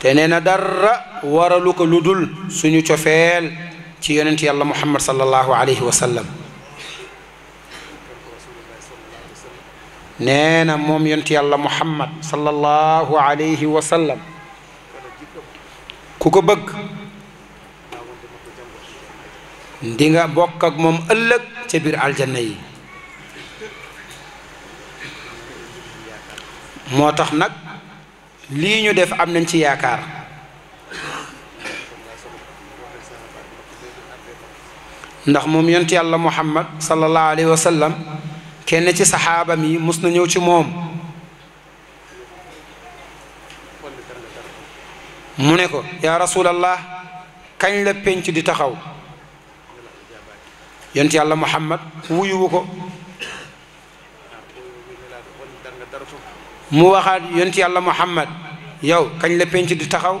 te neena na dara waralu ko lu dul suñu cofeel ci yonent yàlla muhammad sallallahu alayhi wa sallam nee na moom yonent yàlla muhammad sallallahu alayhi wa sallam ku ko bëgg di nga bokk ak moom ëllëg ca biir aljanna yi moo tax nag lii ñu def am nañ ci yaakaar ndax moom yont yàlla muhammad sallallahu alayhi wa kenn ci saxaabam yi mus na ñëw ci moom mu ne ko yaa rasulallah kañ la penc di taxaw yont yàlla muhammad wuyuwu ko mu waxaat yonti yàlla muhammad yow kañ la penc di taxaw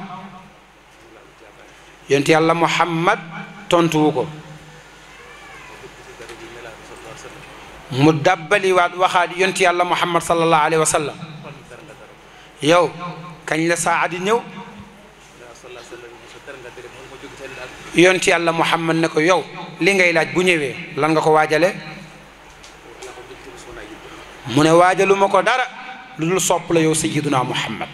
yonti yàlla muhammad tontuwu ko mu dàbbaliwaat waxaat yonti yàlla muhammad sallallahu alayhi wa sallam yow kañ la saa di ñëw yonti yàlla muhammad ne ko yow li ngay laaj bu ñëwee lan nga ko waajale من واجل مقدار صوب ليو سيدنا محمد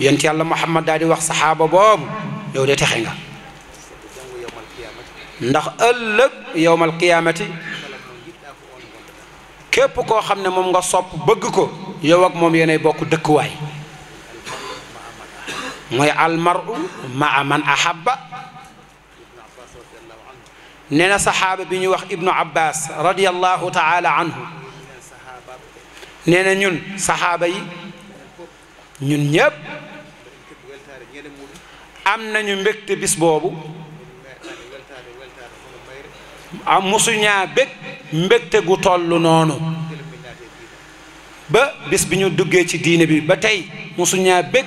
ينتي الله محمد دادي وقت صحابة باب يو دي تخينغا ندخ اللق يوم القيامة كيبو كو خمنا ممغا صحب بغكو يو وق مم يني بوكو دكواي موي المرء مع من أحبه nee na saxaaba bi ñu wax ibnu abbas radiallahu taala anhu nee na ñun saxaaba yi ñun ñépp am nañu mbégte bis boobu am musuñaa bég mbégte gu toll noonu ba bis bi ñu duggee ci diine bi ba tey musuñaa bég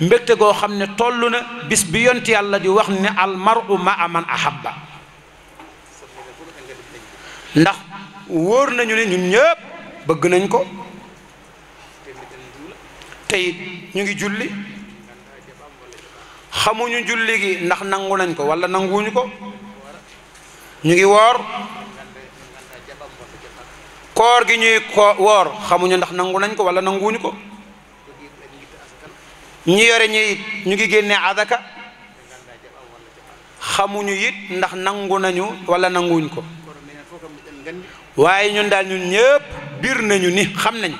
mbégte goo xam ne toll na bis bi yont yàlla di wax ne almaru ma aman ahabba ndax wóor nañu ne ñun ñëpp bëgg nañ ko te ñu ngi julli xamuñu julli gi ndax nangu nañ ko walla nanguwuñu ko ñu ngi woor koor gi ñuy woor xamuñu ndax nangu nañ ko walla nanguwuñu ko ñi yore ñi it ñu ngi génnee adaka xamuñu yit ndax nangu nañu walla nanguwuñ ko waaye ñun daal ñun ñëpp biir nañu ni xam nañ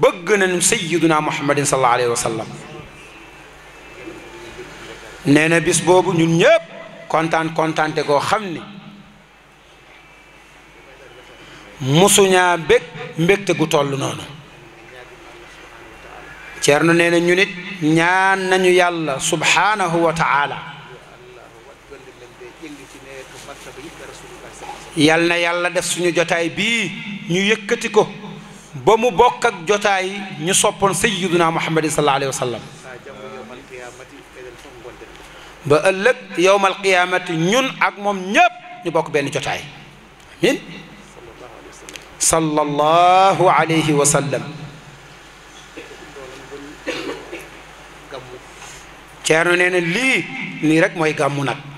bëgg nañu sayyiduna muhammadin sallallahu alayhi wa sallam nee na bis boobu ñun ñëpp kontaan kontaante koo xam ni musuñaa bég mbégte gu toll noonu ceerno nee na ñun it ñaan nañu yàlla subhaanahu wa ta'ala yal na yàlla def suñu jotaay bii ñu yëkkati ko ba mu bokk ak jotaay ñu soppoon sayyiduna muhammadin sallallahu alayhi wa sallam ba ëllëg yowmal qiyaamati ñun ak moom ñépp ñu bokk benn jotaay amin sallallahu alayhi wa sallam nee na lii nii rek mooy gàmmu nag